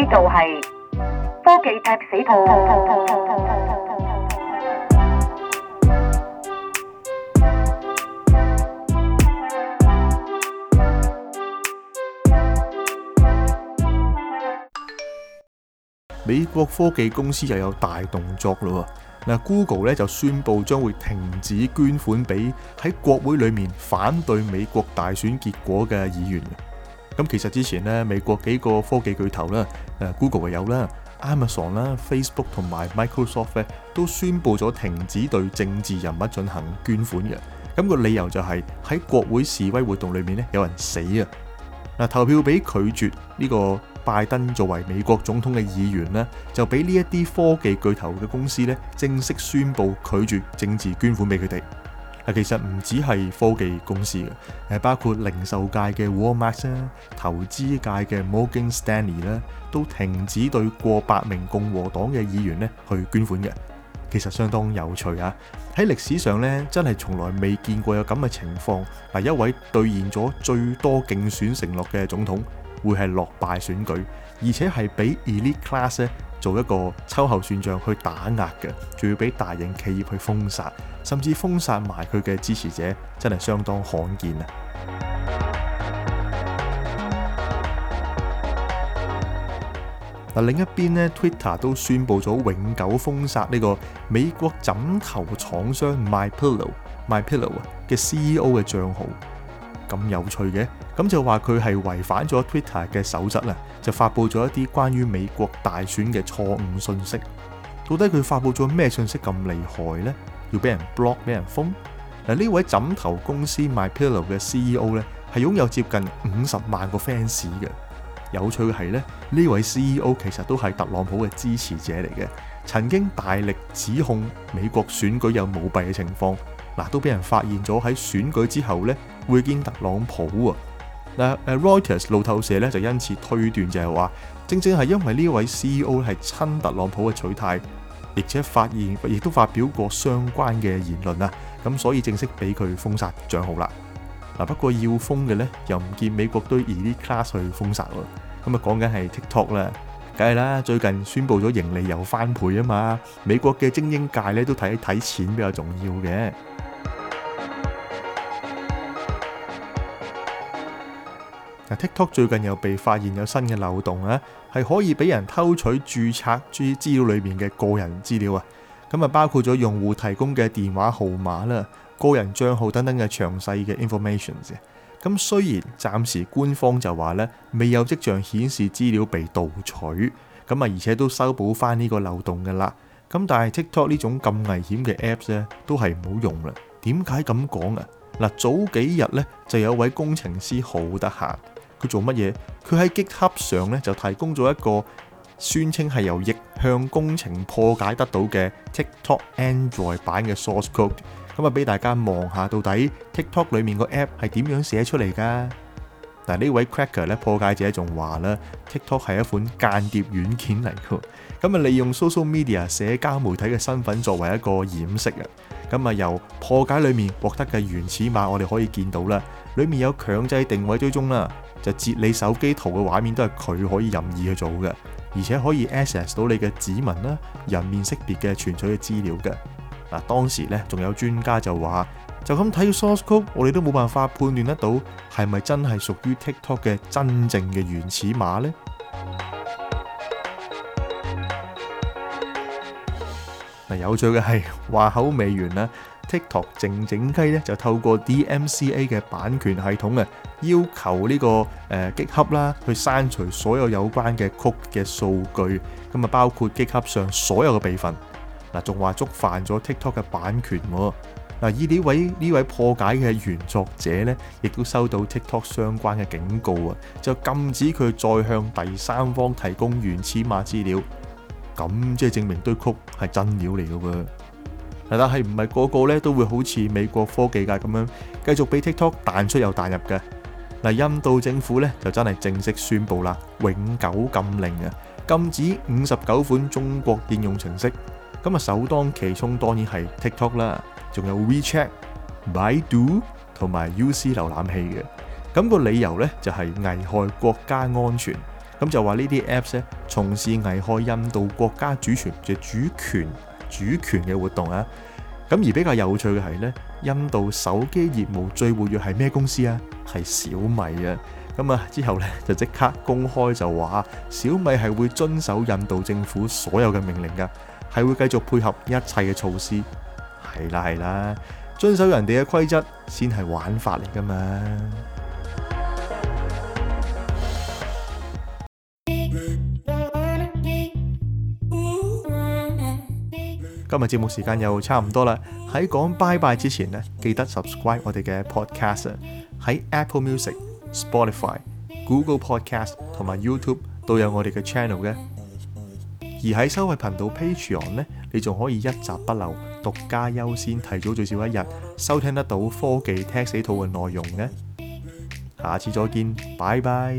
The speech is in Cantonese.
呢度係科技 tap 死套。美國科技公司又有大動作咯！嗱，Google 咧就宣布將會停止捐款俾喺國會裏面反對美國大選結果嘅議員。咁其實之前咧，美國幾個科技巨頭啦 Google 又有啦，Amazon 啦，Facebook 同埋 Microsoft 都宣布咗停止對政治人物進行捐款嘅。咁個理由就係喺國會示威活動裏面咧，有人死啊！嗱，投票俾拒絕呢個拜登作為美國總統嘅議員呢，就俾呢一啲科技巨頭嘅公司咧，正式宣布拒絕政治捐款俾佢哋。其實唔止係科技公司嘅，誒，包括零售界嘅 Walmart 啦，投資界嘅 Morgan Stanley 咧，都停止對過百名共和黨嘅議員咧去捐款嘅。其實相當有趣啊！喺歷史上咧，真係從來未見過有咁嘅情況。嗱，一位兌現咗最多競選承諾嘅總統，會係落敗選舉，而且係俾 Elite Class 咧做一個秋後算賬去打壓嘅，仲要俾大型企業去封殺，甚至封殺埋佢嘅支持者，真係相當罕見啊！嗱，另一邊咧，Twitter 都宣布咗永久封殺呢個美國枕頭廠商 My Pillow、My Pillow 啊嘅 CEO 嘅帳號。咁有趣嘅，咁就話佢係違反咗 Twitter 嘅守則啦，就發布咗一啲關於美國大選嘅錯誤信息。到底佢發布咗咩信息咁厲害呢？要俾人 block，俾人封嗱？呢位枕頭公司賣 pillow 嘅 CEO 呢，係擁有接近五十萬個 fans 嘅。有趣嘅係呢，呢位 CEO 其實都係特朗普嘅支持者嚟嘅，曾經大力指控美國選舉有舞弊嘅情況嗱，都俾人發現咗喺選舉之後呢，會見特朗普啊！嗱，Reuters 路透社咧就因此推斷，就係話，正正係因為呢位 CEO 係親特朗普嘅取態，而且發言亦都發表過相關嘅言論啊，咁所以正式俾佢封殺賬號啦。嗱，不過要封嘅呢，又唔見美國對 Elite Class 去封殺喎。咁啊，講緊係 TikTok 啦，梗係啦，最近宣布咗盈利又翻倍啊嘛。美國嘅精英界咧都睇睇錢比較重要嘅。嗱，TikTok 最近又被發現有新嘅漏洞啊，係可以俾人偷取註冊之資料裏面嘅個人資料啊，咁啊包括咗用戶提供嘅電話號碼啦、個人帳號等等嘅詳細嘅 information 嘅。咁雖然暫時官方就話咧未有跡象顯示資料被盜取，咁啊而且都修補翻呢個漏洞㗎啦。咁但係 TikTok 呢種咁危險嘅 apps 咧都係冇用啦。點解咁講啊？嗱，早幾日呢就有位工程師好得閒。佢做乜嘢？佢喺 GitHub 上咧就提供咗一個宣稱係由逆向工程破解得到嘅 TikTok Android 版嘅 source code。咁啊，俾大家望下到底 TikTok 裡面個 app 係點樣寫出嚟㗎？嗱，呢位 Cracker 咧破解者仲話咧，TikTok 係一款間諜軟件嚟㗎。咁啊，利用 social media 社交媒體嘅身份作為一個掩飾啊。咁啊，由破解裡面獲得嘅原始碼，我哋可以見到啦。裡面有強制定位追蹤啦。就截你手機圖嘅畫面都係佢可以任意去做嘅，而且可以 access 到你嘅指紋啦、人面識別嘅存取嘅資料嘅。嗱，當時咧仲有專家就話，就咁睇 source code，我哋都冇辦法判斷得到係咪真係屬於 TikTok 嘅真正嘅原始碼呢。嗱，有趣嘅係話口未完啦。TikTok 靜靜雞咧就透過 DMCA 嘅版權系統啊，要求呢個誒 GitHub 啦去刪除所有有關嘅 code 嘅數據，咁啊包括 GitHub 上所有嘅備份，嗱仲話觸犯咗 TikTok 嘅版權喎，嗱以呢位呢位破解嘅原作者咧，亦都收到 TikTok 相關嘅警告啊，就禁止佢再向第三方提供原始碼資料，咁即係證明對 code 係真料嚟嘅喎。但係唔係個個咧都會好似美國科技界咁樣繼續俾 TikTok 彈出又彈入嘅？嗱，印度政府咧就真係正式宣佈啦，永久禁令啊，禁止五十九款中國應用程式。咁啊，首當其衝當然係 TikTok 啦，仲有 WeChat、百度同埋 UC 瀏覽器嘅。咁個理由咧就係危害國家安全。咁就話呢啲 Apps 咧從事危害印度國家主權嘅主權。主權嘅活動啊，咁而比較有趣嘅係呢，印度手機業務最活躍係咩公司啊？係小米啊，咁啊之後呢，就即刻公開就話，小米係會遵守印度政府所有嘅命令噶，係會繼續配合一切嘅措施。係啦係啦，遵守人哋嘅規則先係玩法嚟噶嘛。 今日節目時間又差唔多啦，喺講拜拜之前咧，記得 subscribe 我哋嘅 podcast，喺 Apple Music、Spotify、Google Podcast 同埋 YouTube 都有我哋嘅 channel 嘅。而喺收費頻道 Patreon 咧，你仲可以一集不漏，獨家優先，提早最少一日收聽得到科技踢死套嘅內容嘅。下次再見，拜拜。